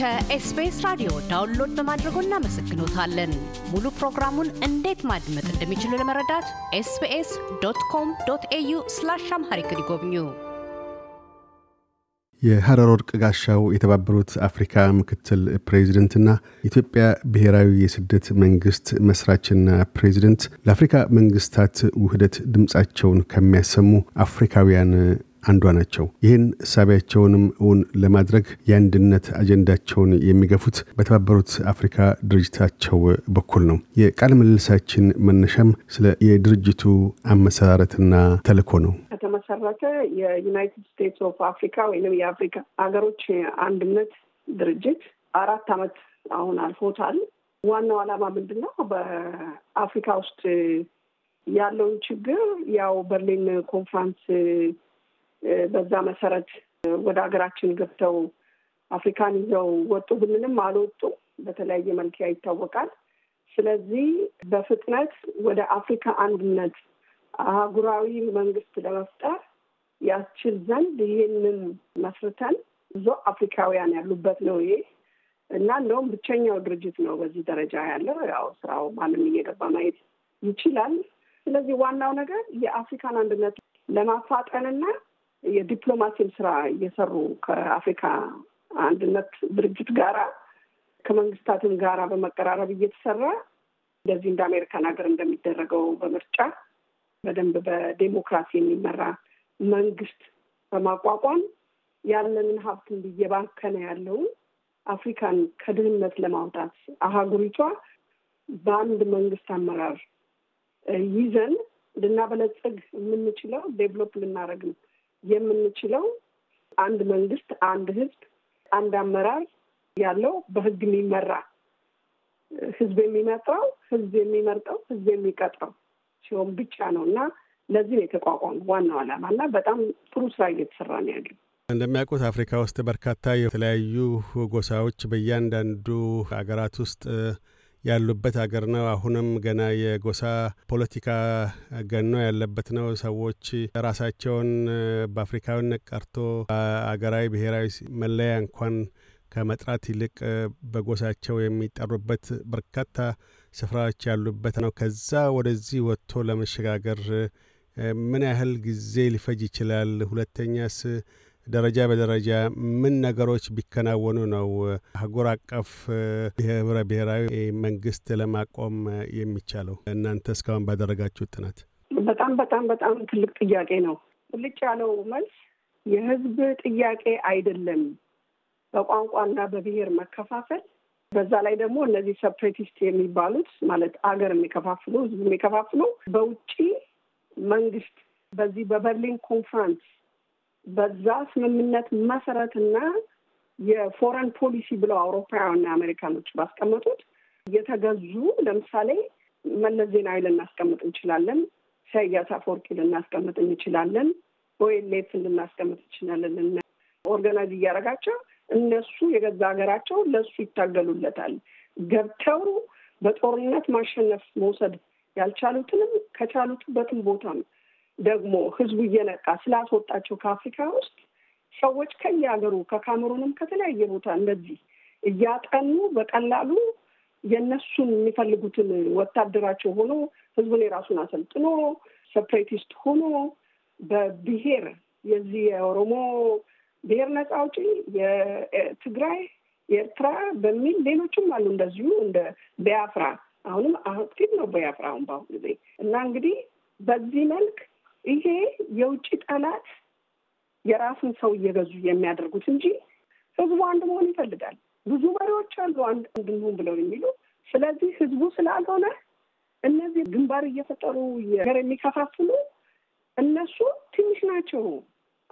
ከኤስቢኤስ ራዲዮ ዳውንሎድ በማድረጎ እናመሰግኖታለን። ሙሉ ፕሮግራሙን እንዴት ማድመጥ እንደሚችሉ ለመረዳት ኤስቢኤስ ዶት ኮም ዶት ኤዩ ስላሽ አምሃሪክ ይጎብኙ። የሐረር ወርቅ ጋሻው የተባበሩት አፍሪካ ምክትል ፕሬዚደንትና ኢትዮጵያ ብሔራዊ የስደት መንግስት መስራችና ፕሬዚደንት ለአፍሪካ መንግስታት ውህደት ድምፃቸውን ከሚያሰሙ አፍሪካውያን አንዷ ናቸው። ይህን እሳቢያቸውንም እውን ለማድረግ የአንድነት አጀንዳቸውን የሚገፉት በተባበሩት አፍሪካ ድርጅታቸው በኩል ነው። የቃለ ምልልሳችን መነሻም ስለ የድርጅቱ አመሰራረትና ተልእኮ ነው። ከተመሰረተ የዩናይትድ ስቴትስ ኦፍ አፍሪካ ወይም የአፍሪካ ሀገሮች አንድነት ድርጅት አራት ዓመት አሁን አልፎታል። ዋናው ዓላማ ምንድን ነው? በአፍሪካ ውስጥ ያለውን ችግር ያው በርሊን ኮንፍራንስ በዛ መሰረት ወደ ሀገራችን ገብተው አፍሪካን ይዘው ወጡ ብንልም አልወጡም። በተለያየ መልኪያ ይታወቃል። ስለዚህ በፍጥነት ወደ አፍሪካ አንድነት አህጉራዊ መንግስት ለመፍጠር ያስችል ዘንድ ይህንን መስርተን ብዙ አፍሪካውያን ያሉበት ነው ይሄ እና እንደውም ብቸኛው ድርጅት ነው በዚህ ደረጃ ያለው። ያው ስራው ማንም እየገባ ማየት ይችላል። ስለዚህ ዋናው ነገር የአፍሪካን አንድነት ለማፋጠንና የዲፕሎማሲ ስራ እየሰሩ ከአፍሪካ አንድነት ድርጅት ጋራ ከመንግስታትም ጋራ በመቀራረብ እየተሰራ እንደዚህ እንደ አሜሪካን ሀገር እንደሚደረገው በምርጫ በደንብ በዴሞክራሲ የሚመራ መንግስት በማቋቋም ያለንን ሀብት እየባከነ ያለውን አፍሪካን ከድህነት ለማውጣት አህጉሪቷ በአንድ መንግስት አመራር ይዘን ልናበለጽግ የምንችለው ዴቨሎፕ ልናደረግ የምንችለው አንድ መንግስት፣ አንድ ህዝብ፣ አንድ አመራር ያለው በህግ የሚመራ ህዝብ የሚመጣው ህዝብ የሚመርጠው ህዝብ የሚቀጥረው ሲሆን ብቻ ነው እና ለዚህ ነው የተቋቋመ ዋናው ዓላማ እና በጣም ጥሩ ስራ እየተሰራ ነው ያለው። እንደሚያውቁት አፍሪካ ውስጥ በርካታ የተለያዩ ጎሳዎች በእያንዳንዱ ሀገራት ውስጥ ያሉበት አገር ነው። አሁንም ገና የጎሳ ፖለቲካ ገኖ ያለበት ነው። ሰዎች ራሳቸውን በአፍሪካዊነት ቀርቶ አገራዊ ብሔራዊ መለያ እንኳን ከመጥራት ይልቅ በጎሳቸው የሚጠሩበት በርካታ ስፍራዎች ያሉበት ነው። ከዛ ወደዚህ ወጥቶ ለመሸጋገር ምን ያህል ጊዜ ሊፈጅ ይችላል? ሁለተኛስ ደረጃ በደረጃ ምን ነገሮች ቢከናወኑ ነው አህጉር አቀፍ የህብረ ብሔራዊ መንግስት ለማቆም የሚቻለው? እናንተ እስካሁን ባደረጋችሁ ጥናት። በጣም በጣም በጣም ትልቅ ጥያቄ ነው። ብልጭ ያለው መልስ የህዝብ ጥያቄ አይደለም። በቋንቋና በብሔር መከፋፈል በዛ ላይ ደግሞ እነዚህ ሰፕሬቲስት የሚባሉት ማለት አገር የሚከፋፍሉ ህዝብ የሚከፋፍሉ በውጭ መንግስት በዚህ በበርሊን ኮንፈረንስ በዛ ስምምነት መሰረትና የፎረን ፖሊሲ ብለው አውሮፓውያንና አሜሪካኖች ባስቀመጡት የተገዙ ለምሳሌ መለስ ዜናዊ ልናስቀምጥ እንችላለን፣ ኢሳያስ አፈወርቂ ልናስቀምጥ እንችላለን፣ ኦኤልኤፍ ልናስቀምጥ እንችላለን። ኦርጋናይዝ እያደረጋቸው እነሱ የገዛ ሀገራቸው ለሱ ይታገሉለታል። ገብተው በጦርነት ማሸነፍ መውሰድ ያልቻሉትንም ከቻሉትበትም ቦታ ነው ደግሞ ህዝቡ እየነቃ ስላስወጣቸው ከአፍሪካ ውስጥ ሰዎች ከየሀገሩ ከካሜሩንም ከተለያየ ቦታ እንደዚህ እያጠኑ በቀላሉ የእነሱን የሚፈልጉትን ወታደራቸው ሆኖ ህዝቡን የራሱን አሰልጥኖ ሰፕሬቲስት ሆኖ በብሄር የዚህ የኦሮሞ ብሄር ነፃ አውጪ፣ የትግራይ፣ የኤርትራ በሚል ሌሎችም አሉ እንደዚሁ እንደ ቢያፍራ አሁንም አክቲቭ ነው ቢያፍራ አሁን በአሁኑ ጊዜ እና እንግዲህ በዚህ መልክ ይሄ የውጭ ጠላት የራሱን ሰው እየገዙ የሚያደርጉት እንጂ ህዝቡ አንድ መሆን ይፈልጋል። ብዙ መሪዎች አሉ አንድ እንድንሆን ብለው የሚሉ ስለዚህ ህዝቡ ስላልሆነ እነዚህ ግንባር እየፈጠሩ የገር የሚከፋፍሉ እነሱ ትንሽ ናቸው።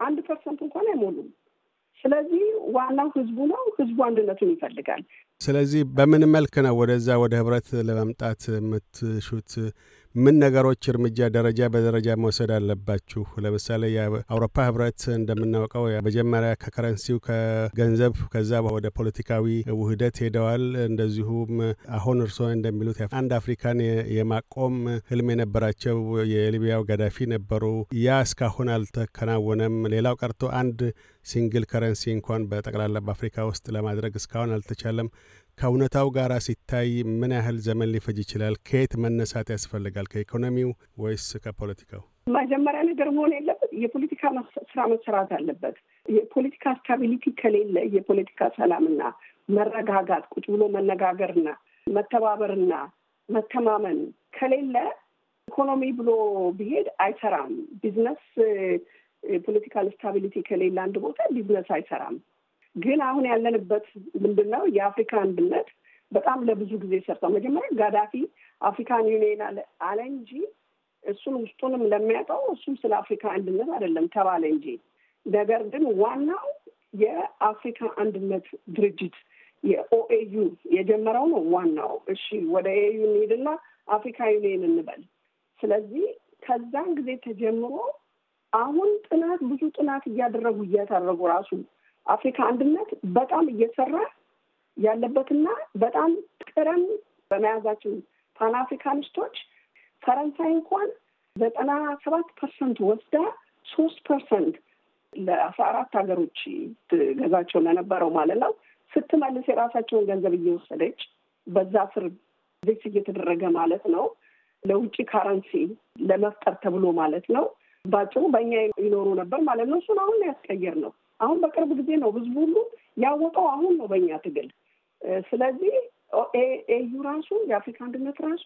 አንድ ፐርሰንት እንኳን አይሞሉም። ስለዚህ ዋናው ህዝቡ ነው። ህዝቡ አንድነቱን ይፈልጋል። ስለዚህ በምን መልክ ነው ወደዛ ወደ ህብረት ለመምጣት የምትሹት? ምን ነገሮች እርምጃ ደረጃ በደረጃ መውሰድ አለባችሁ? ለምሳሌ የአውሮፓ ህብረት እንደምናውቀው መጀመሪያ ከከረንሲው ከገንዘብ ከዛ ወደ ፖለቲካዊ ውህደት ሄደዋል። እንደዚሁም አሁን እርሶ እንደሚሉት አንድ አፍሪካን የማቆም ህልም የነበራቸው የሊቢያው ገዳፊ ነበሩ። ያ እስካሁን አልተከናወነም። ሌላው ቀርቶ አንድ ሲንግል ከረንሲ እንኳን በጠቅላላ በአፍሪካ ውስጥ ለማድረግ እስካሁን አልተቻለም። ከእውነታው ጋር ሲታይ ምን ያህል ዘመን ሊፈጅ ይችላል? ከየት መነሳት ያስፈልጋል? ከኢኮኖሚው ወይስ ከፖለቲካው? መጀመሪያ ነገር መሆን የለበት የፖለቲካ ስራ መሰራት አለበት። የፖለቲካ ስታቢሊቲ ከሌለ የፖለቲካ ሰላምና መረጋጋት፣ ቁጭ ብሎ መነጋገርና መተባበርና መተማመን ከሌለ ኢኮኖሚ ብሎ ቢሄድ አይሰራም። ቢዝነስ ፖለቲካል ስታቢሊቲ ከሌለ አንድ ቦታ ቢዝነስ አይሰራም። ግን አሁን ያለንበት ምንድን ነው? የአፍሪካ አንድነት በጣም ለብዙ ጊዜ ሰርተው መጀመሪያ ጋዳፊ አፍሪካን ዩኒየን አለ እንጂ እሱን ውስጡንም ለሚያውቀው እሱም ስለ አፍሪካ አንድነት አይደለም ተባለ እንጂ ነገር ግን ዋናው የአፍሪካ አንድነት ድርጅት የኦኤዩ የጀመረው ነው ዋናው። እሺ ወደ ኤዩ እንሄድና አፍሪካ ዩኒየን እንበል። ስለዚህ ከዛን ጊዜ ተጀምሮ አሁን ጥናት ብዙ ጥናት እያደረጉ እያታረጉ ራሱ አፍሪካ አንድነት በጣም እየሰራ ያለበትና በጣም ጥረን በመያዛችን ፓን አፍሪካኒስቶች ፈረንሳይ እንኳን ዘጠና ሰባት ፐርሰንት ወስዳ ሶስት ፐርሰንት ለአስራ አራት ሀገሮች ገዛቸው ለነበረው ማለት ነው ስትመልስ የራሳቸውን ገንዘብ እየወሰደች በዛ ስር ዚክስ እየተደረገ ማለት ነው ለውጭ ካረንሲ ለመፍጠር ተብሎ ማለት ነው። ባጭሩ በእኛ ይኖሩ ነበር ማለት ነው። እሱን አሁን ያስቀየር ነው። አሁን በቅርብ ጊዜ ነው ህዝቡ ሁሉ ያወቀው አሁን ነው በእኛ ትግል። ስለዚህ ኤዩ ራሱ የአፍሪካ አንድነት ራሱ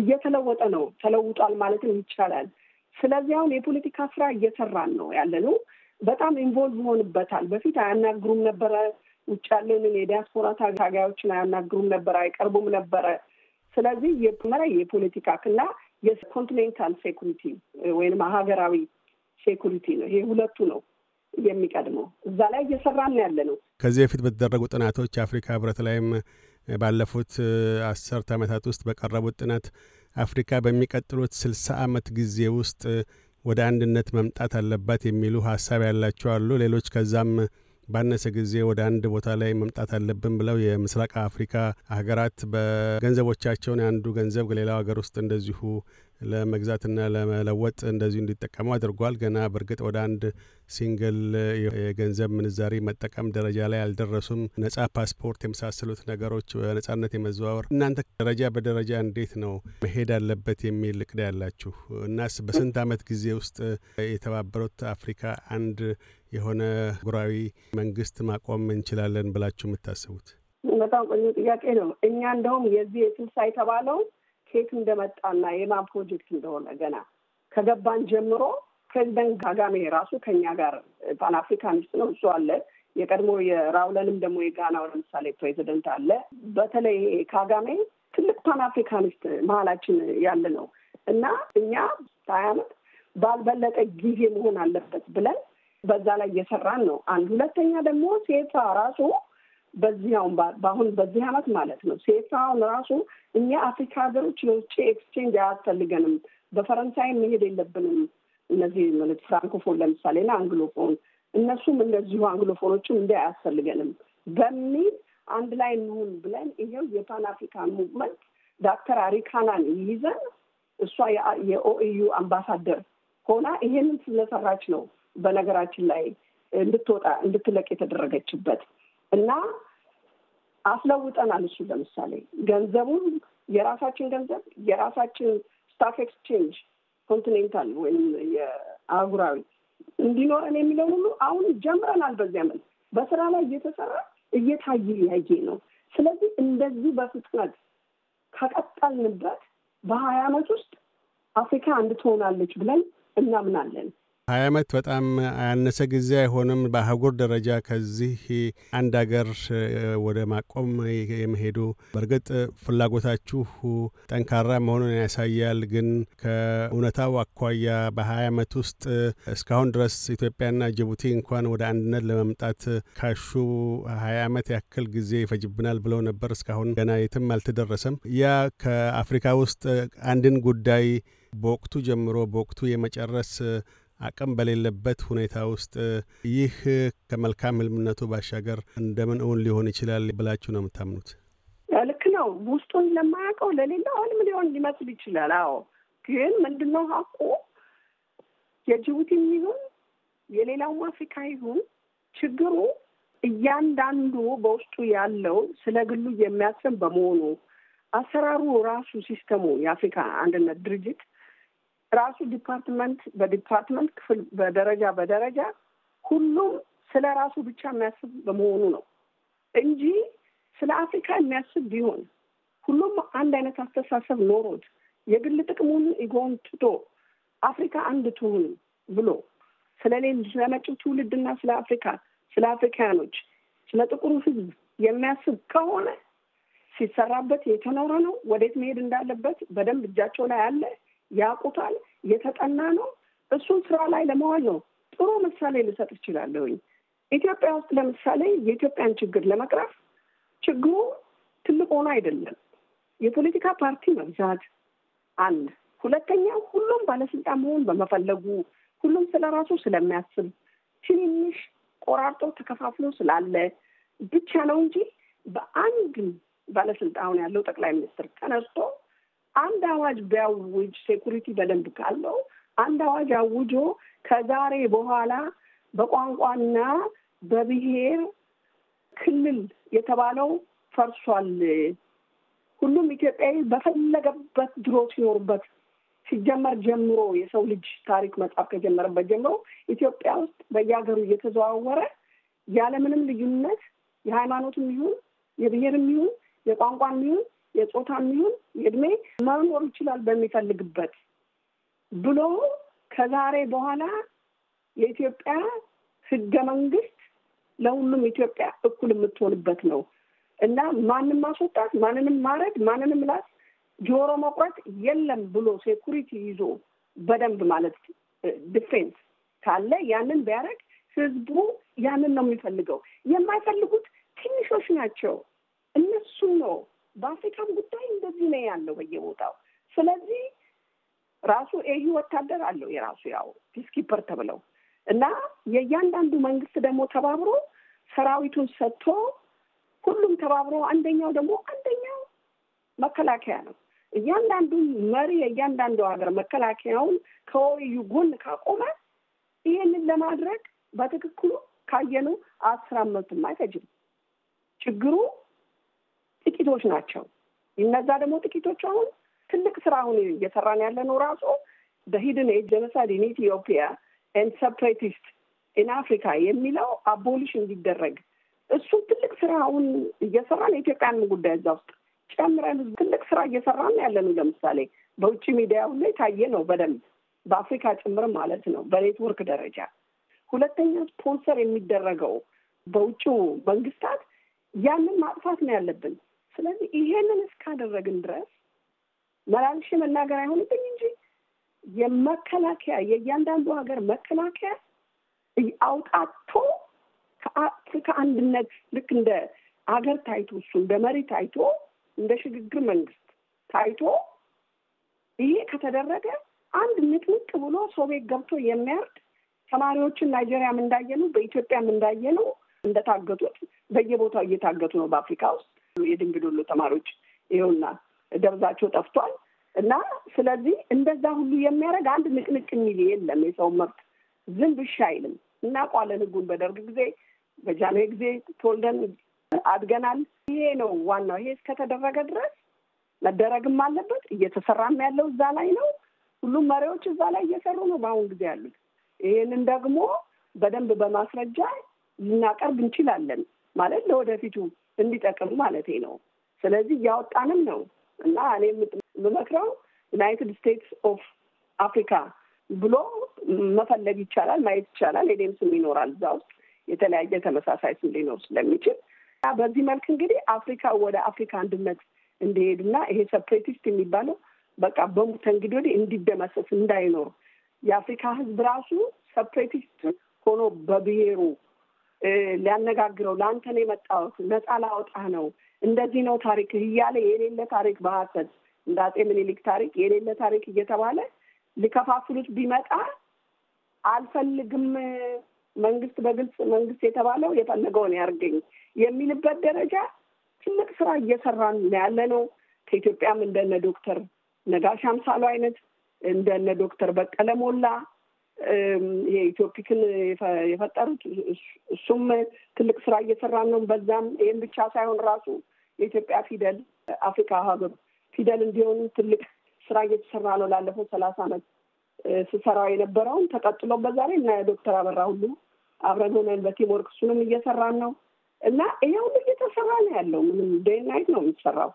እየተለወጠ ነው ተለውጧል ማለትም ይቻላል። ስለዚህ አሁን የፖለቲካ ስራ እየሰራን ነው ያለ ነው። በጣም ኢንቮልቭ ሆንበታል። በፊት አያናግሩም ነበረ። ውጭ ያለንን የዲያስፖራ ታጋዮችን አያናግሩም ነበረ፣ አይቀርቡም ነበረ። ስለዚህ የመራ የፖለቲካ እና የኮንቲኔንታል ሴኩሪቲ ወይም ሀገራዊ ሴኩሪቲ ነው። ይሄ ሁለቱ ነው የሚቀድመው እዛ ላይ እየሰራን ያለ ነው። ከዚህ በፊት በተደረጉ ጥናቶች አፍሪካ ህብረት ላይም ባለፉት አስርት ዓመታት ውስጥ በቀረቡት ጥናት አፍሪካ በሚቀጥሉት ስልሳ ዓመት ጊዜ ውስጥ ወደ አንድነት መምጣት አለባት የሚሉ ሀሳብ ያላቸው አሉ። ሌሎች ከዛም ባነሰ ጊዜ ወደ አንድ ቦታ ላይ መምጣት አለብን ብለው የምስራቅ አፍሪካ ሀገራት በገንዘቦቻቸውን የአንዱ ገንዘብ ሌላው ሀገር ውስጥ እንደዚሁ ለመግዛትና ለመለወጥ እንደዚሁ እንዲጠቀሙ አድርጓል። ገና በእርግጥ ወደ አንድ ሲንግል የገንዘብ ምንዛሪ መጠቀም ደረጃ ላይ አልደረሱም። ነጻ ፓስፖርት የመሳሰሉት ነገሮች በነጻነት የመዘዋወር እናንተ ደረጃ በደረጃ እንዴት ነው መሄድ አለበት የሚል እቅድ ያላችሁ እናስ በስንት ዓመት ጊዜ ውስጥ የተባበሩት አፍሪካ አንድ የሆነ ጉራዊ መንግስት ማቆም እንችላለን ብላችሁ የምታስቡት? በጣም ቆዩ ጥያቄ ነው። እኛ እንደውም የዚህ የስልሳ የተባለው ከየት እንደመጣና የማን ፕሮጀክት እንደሆነ ገና ከገባን ጀምሮ ፕሬዚደንት ካጋሜ ራሱ ከኛ ጋር ፓን አፍሪካኒስት ነው፣ እሱ አለ። የቀድሞ የራውለንም ደግሞ የጋናው ለምሳሌ ፕሬዚደንት አለ። በተለይ ካጋሜ ትልቅ ፓን አፍሪካኒስት መሀላችን ያለ ነው እና እኛ ሀያ አመት ባልበለጠ ጊዜ መሆን አለበት ብለን በዛ ላይ እየሰራን ነው። አንድ ሁለተኛ ደግሞ ሴቷ ራሱ በዚህ አሁን በአሁን በዚህ አመት ማለት ነው። ሴት ራሱ እኛ አፍሪካ ሀገሮች የውጭ ኤክስቼንጅ አያስፈልገንም፣ በፈረንሳይ መሄድ የለብንም። እነዚህ ፍራንኮፎን ለምሳሌ ና አንግሎፎን እነሱም እንደዚሁ አንግሎፎኖችም እንዲ አያስፈልገንም በሚል አንድ ላይ እንሁን ብለን ይሄው የፓን አፍሪካን ሙቭመንት ዳክተር አሪካናን ይይዘን እሷ የኦኢዩ አምባሳደር ሆና ይሄንን ስለሰራች ነው በነገራችን ላይ እንድትወጣ እንድትለቅ የተደረገችበት። እና አስለውጠናል። እሱ ለምሳሌ ገንዘቡን የራሳችን ገንዘብ የራሳችን ስታክ ኤክስቼንጅ ኮንቲኔንታል ወይም የአህጉራዊ እንዲኖረን የሚለው ሁሉ አሁን ጀምረናል። በዚያ መልክ በስራ ላይ እየተሰራ እየታየ ያየ ነው። ስለዚህ እንደዚህ በፍጥነት ከቀጠልንበት በሀያ አመት ውስጥ አፍሪካ አንድ ትሆናለች ብለን እናምናለን። ሀያ ዓመት በጣም አያነሰ ጊዜ አይሆንም። በአህጉር ደረጃ ከዚህ አንድ አገር ወደ ማቆም የመሄዱ በእርግጥ ፍላጎታችሁ ጠንካራ መሆኑን ያሳያል። ግን ከእውነታው አኳያ በሀያ ዓመት ውስጥ እስካሁን ድረስ ኢትዮጵያና ጅቡቲ እንኳን ወደ አንድነት ለመምጣት ካሹ ሀያ ዓመት ያክል ጊዜ ይፈጅብናል ብለው ነበር። እስካሁን ገና የትም አልተደረሰም። ያ ከአፍሪካ ውስጥ አንድን ጉዳይ በወቅቱ ጀምሮ በወቅቱ የመጨረስ አቅም በሌለበት ሁኔታ ውስጥ ይህ ከመልካም ህልምነቱ ባሻገር እንደምን እውን ሊሆን ይችላል ብላችሁ ነው የምታምኑት? ልክ ነው። ውስጡን ለማያውቀው ለሌላ ህልም ሊሆን ሊመስል ይችላል። አዎ፣ ግን ምንድነው ሀቁ የጅቡቲም ይሁን የሌላውም አፍሪካ ይሁን ችግሩ እያንዳንዱ በውስጡ ያለው ስለ ግሉ የሚያስብ በመሆኑ አሰራሩ ራሱ ሲስተሙ የአፍሪካ አንድነት ድርጅት ራሱ ዲፓርትመንት በዲፓርትመንት ክፍል በደረጃ በደረጃ ሁሉም ስለ ራሱ ብቻ የሚያስብ በመሆኑ ነው እንጂ ስለ አፍሪካ የሚያስብ ቢሆን ሁሉም አንድ አይነት አስተሳሰብ ኖሮት የግል ጥቅሙን ኢጎን ትቶ አፍሪካ አንድ ትሁን ብሎ ስለሌል ስለ መጪው ትውልድና ስለ አፍሪካ ስለ አፍሪካኖች ስለ ጥቁሩ ህዝብ የሚያስብ ከሆነ ሲሰራበት የተኖረ ነው። ወዴት መሄድ እንዳለበት በደንብ እጃቸው ላይ አለ። ያውቁታል፣ የተጠና ነው። እሱን ስራ ላይ ለመዋል ነው። ጥሩ ምሳሌ ልሰጥ እችላለሁኝ። ኢትዮጵያ ውስጥ ለምሳሌ የኢትዮጵያን ችግር ለመቅረፍ ችግሩ ትልቅ ሆኖ አይደለም። የፖለቲካ ፓርቲ መብዛት አንድ፣ ሁለተኛ ሁሉም ባለስልጣን መሆን በመፈለጉ ሁሉም ስለ ራሱ ስለሚያስብ ትንንሽ ቆራርጦ ተከፋፍሎ ስላለ ብቻ ነው እንጂ በአንድ ባለስልጣን ያለው ጠቅላይ ሚኒስትር ተነስቶ አንድ አዋጅ ቢያውጅ ሴኩሪቲ በደንብ ካለው አንድ አዋጅ አውጆ ከዛሬ በኋላ በቋንቋና በብሔር ክልል የተባለው ፈርሷል። ሁሉም ኢትዮጵያዊ በፈለገበት ድሮ ሲኖርበት ሲጀመር ጀምሮ የሰው ልጅ ታሪክ መጻፍ ከጀመረበት ጀምሮ ኢትዮጵያ ውስጥ በየሀገሩ እየተዘዋወረ ያለምንም ልዩነት የሃይማኖትም ይሁን የብሔርም ይሁን የቋንቋም ይሁን የጾታ የሚሆን የእድሜ መኖር ይችላል በሚፈልግበት ብሎ ከዛሬ በኋላ የኢትዮጵያ ህገ መንግስት ለሁሉም ኢትዮጵያ እኩል የምትሆንበት ነው እና ማንም ማስወጣት፣ ማንንም ማረድ፣ ማንንም ላስ ጆሮ መቁረጥ የለም ብሎ ሴኩሪቲ ይዞ በደንብ ማለት ዲፌንስ ካለ ያንን ቢያደርግ ህዝቡ ያንን ነው የሚፈልገው። የማይፈልጉት ትንሾች ናቸው። እነሱም ነው በአፍሪካም ጉዳይ እንደዚህ ነው ያለው በየቦታው። ስለዚህ ራሱ ኤዩ ወታደር አለው የራሱ ያው ፒስኪፐር ተብለው እና የእያንዳንዱ መንግስት ደግሞ ተባብሮ ሰራዊቱን ሰጥቶ ሁሉም ተባብሮ አንደኛው ደግሞ አንደኛው መከላከያ ነው። እያንዳንዱ መሪ የእያንዳንዱ ሀገር መከላከያውን ከወዩ ጎን ካቆመ ይህንን ለማድረግ በትክክሉ ካየነው አስር አመት የማይፈጅም። ችግሩ ጥቂቶች ናቸው። እነዛ ደግሞ ጥቂቶች አሁን ትልቅ ስራ አሁን እየሰራን ያለ ነው ራሱ በሂድን ኤጅ ጀኖሳይድ ኢን ኢትዮጵያ ኤንድ ሰፕሬቲስት ኢን አፍሪካ የሚለው አቦሊሽ እንዲደረግ እሱም ትልቅ ስራ አሁን እየሰራን የኢትዮጵያን ጉዳይ እዛ ውስጥ ጨምረን ትልቅ ስራ እየሰራን ያለ ነው። ለምሳሌ በውጭ ሚዲያ ላይ ታየ ነው በደንብ በአፍሪካ ጭምር ማለት ነው በኔትወርክ ደረጃ። ሁለተኛ ስፖንሰር የሚደረገው በውጭው መንግስታት ያንን ማጥፋት ነው ያለብን። ስለዚህ ይሄንን እስካደረግን ድረስ መላልሽ መናገር አይሆንብኝ እንጂ የመከላከያ የእያንዳንዱ ሀገር መከላከያ አውጣቶ ከአፍሪካ አንድነት ልክ እንደ ሀገር ታይቶ እሱ እንደ መሪ ታይቶ እንደ ሽግግር መንግስት ታይቶ ይሄ ከተደረገ አንድ ንቅንቅ ብሎ ሶቤት ገብቶ የሚያርድ ተማሪዎችን ናይጄሪያም እንዳየኑ በኢትዮጵያም እንዳየኑ እንደታገቱት በየቦታው እየታገቱ ነው በአፍሪካ ውስጥ የድንግል የድንግዶሎ ተማሪዎች ይኸውና ደብዛቸው ጠፍቷል። እና ስለዚህ እንደዛ ሁሉ የሚያደርግ አንድ ንቅንቅ የሚል የለም። የሰውን መብት ዝም ብሻ አይልም። እናውቀዋለን ህጉን በደርግ ጊዜ በጃንሆይ ጊዜ ተወልደን አድገናል። ይሄ ነው ዋናው። ይሄ እስከተደረገ ድረስ መደረግም አለበት። እየተሰራም ያለው እዛ ላይ ነው። ሁሉም መሪዎች እዛ ላይ እየሰሩ ነው በአሁን ጊዜ ያሉት። ይህንን ደግሞ በደንብ በማስረጃ ልናቀርብ እንችላለን። ማለት ለወደፊቱ እንዲጠቅም ማለት ነው። ስለዚህ እያወጣንም ነው እና እኔ የምመክረው ዩናይትድ ስቴትስ ኦፍ አፍሪካ ብሎ መፈለግ ይቻላል፣ ማየት ይቻላል። የኔም ስም ይኖራል እዛ ውስጥ የተለያየ ተመሳሳይ ስም ሊኖር ስለሚችል በዚህ መልክ እንግዲህ አፍሪካ ወደ አፍሪካ አንድነት እንዲሄድና ይሄ ሰፕሬቲስት የሚባለው በቃ በሙተ ወዲህ እንዲደመሰስ እንዳይኖር የአፍሪካ ሕዝብ ራሱ ሰፕሬቲስት ሆኖ በብሔሩ ሊያነጋግረው ለአንተ ነው የመጣሁት ነፃ ላወጣህ ነው እንደዚህ ነው ታሪክ እያለ የሌለ ታሪክ በሀሰት እንደ አጼ ምኒልክ ታሪክ የሌለ ታሪክ እየተባለ ሊከፋፍሉት ቢመጣ አልፈልግም መንግስት በግልጽ መንግስት የተባለው የፈለገውን ያርገኝ የሚልበት ደረጃ ትልቅ ስራ እየሰራን ያለ ነው። ከኢትዮጵያም እንደነ ዶክተር ነጋሽ አምሳሉ አይነት እንደነ ዶክተር በቀለ ሞላ የኢትዮፒክን የፈጠሩት እሱም ትልቅ ስራ እየሰራ ነው። በዛም ይህም ብቻ ሳይሆን ራሱ የኢትዮጵያ ፊደል አፍሪካ ሀገር ፊደል እንዲሆን ትልቅ ስራ እየተሰራ ነው። ላለፈው ሰላሳ አመት ስሰራው የነበረውን ተቀጥሎ በዛሬ እና ዶክተር አበራ ሁሉ አብረን ሆነን በቲም እሱንም እየሰራን ነው እና ይሄ ሁሉ እየተሰራ ነው ያለው። ምንም ዴይ ናይት ነው የሚሰራው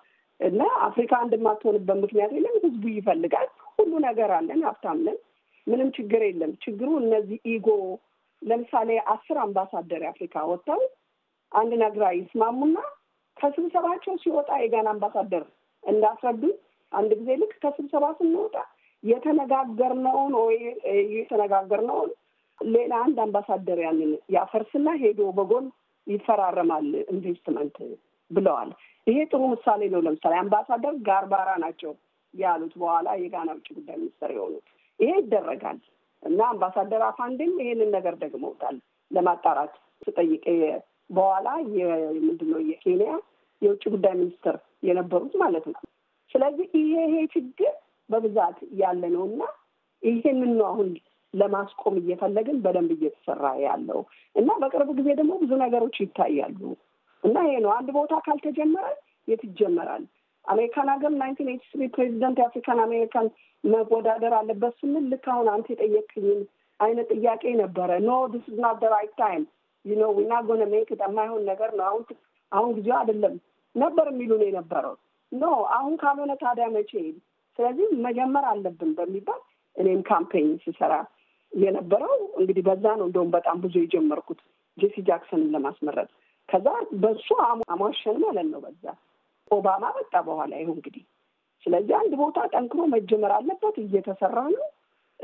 እና አፍሪካ እንደማትሆንበት ምክንያት የለም። ህዝቡ ይፈልጋል። ሁሉ ነገር አለን፣ ሀብታም ነን። ምንም ችግር የለም። ችግሩ እነዚህ ኢጎ ለምሳሌ አስር አምባሳደር የአፍሪካ ወጥተው አንድ ነገር ይስማሙና ከስብሰባቸው ሲወጣ የጋና አምባሳደር እንዳስረዱ አንድ ጊዜ ልክ ከስብሰባ ስንወጣ የተነጋገርነውን ወይ የተነጋገርነውን ሌላ አንድ አምባሳደር ያንን ያፈርስና ሄዶ በጎን ይፈራረማል ኢንቨስትመንት ብለዋል። ይሄ ጥሩ ምሳሌ ነው። ለምሳሌ አምባሳደር ጋርባራ ናቸው ያሉት በኋላ የጋና ውጭ ጉዳይ ሚኒስትር የሆኑት ይሄ ይደረጋል እና አምባሳደር አፋንድም ይሄንን ነገር ደግመውታል። ለማጣራት ስጠይቅ በኋላ ምንድነው የኬንያ የውጭ ጉዳይ ሚኒስትር የነበሩት ማለት ነው። ስለዚህ ይሄ ችግር በብዛት ያለ ነው እና ይሄንን ነው አሁን ለማስቆም እየፈለግን በደንብ እየተሰራ ያለው እና በቅርብ ጊዜ ደግሞ ብዙ ነገሮች ይታያሉ እና ይሄ ነው አንድ ቦታ ካልተጀመረ የት ይጀመራል? አሜሪካን ሀገር ናይንቲን ኤቲ ስሪ ፕሬዚደንት የአፍሪካን አሜሪካን መወዳደር አለበት ስንል ልክ አሁን አንተ የጠየቅኝን አይነት ጥያቄ ነበረ። ኖ ዲስ ኢዝ ናት ራይት ታይም ዩ ኖ ዊና ጎነ ሜክ የማይሆን ነገር ነው አሁን አሁን ጊዜው አይደለም ነበር ነው የነበረው። ኖ አሁን ካልሆነ ታዲያ መቼ? ስለዚህ መጀመር አለብን በሚባል እኔም ካምፔኝ ሲሰራ የነበረው እንግዲህ በዛ ነው። እንደውም በጣም ብዙ የጀመርኩት ጄሲ ጃክሰንን ለማስመረጥ ከዛ በሱ አሟሸን ማለት ነው በዛ ኦባማ መጣ በኋላ ይሁን እንግዲህ። ስለዚህ አንድ ቦታ ጠንክሮ መጀመር አለበት፣ እየተሰራ ነው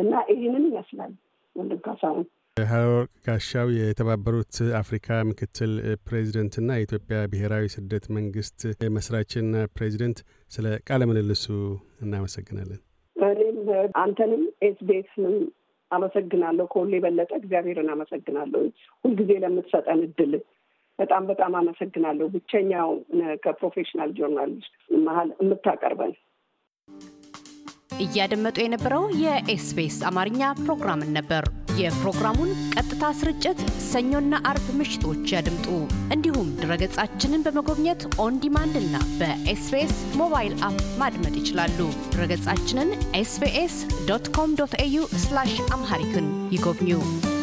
እና ይህንን ይመስላል ወንድም ካሳሁን። ሀረወርቅ ጋሻው የተባበሩት አፍሪካ ምክትል ፕሬዚደንትና የኢትዮጵያ ብሔራዊ ስደት መንግስት መስራችና ፕሬዚደንት፣ ስለ ቃለ ምልልሱ እናመሰግናለን። እኔም አንተንም ኤስቤስንም አመሰግናለሁ። ከሁሉ የበለጠ እግዚአብሔርን አመሰግናለሁ ሁልጊዜ ለምትሰጠን እድል በጣም በጣም አመሰግናለሁ። ብቸኛው ከፕሮፌሽናል ጆርናሊስት መሀል የምታቀርበን። እያደመጡ የነበረው የኤስቢኤስ አማርኛ ፕሮግራምን ነበር። የፕሮግራሙን ቀጥታ ስርጭት ሰኞና አርብ ምሽቶች ያድምጡ። እንዲሁም ድረገጻችንን በመጎብኘት ኦን ዲማንድ እና በኤስቢኤስ ሞባይል አፕ ማድመጥ ይችላሉ። ድረገጻችንን ኤስቢኤስ ዶት ኮም ዶት ኤዩ አምሃሪክን ይጎብኙ።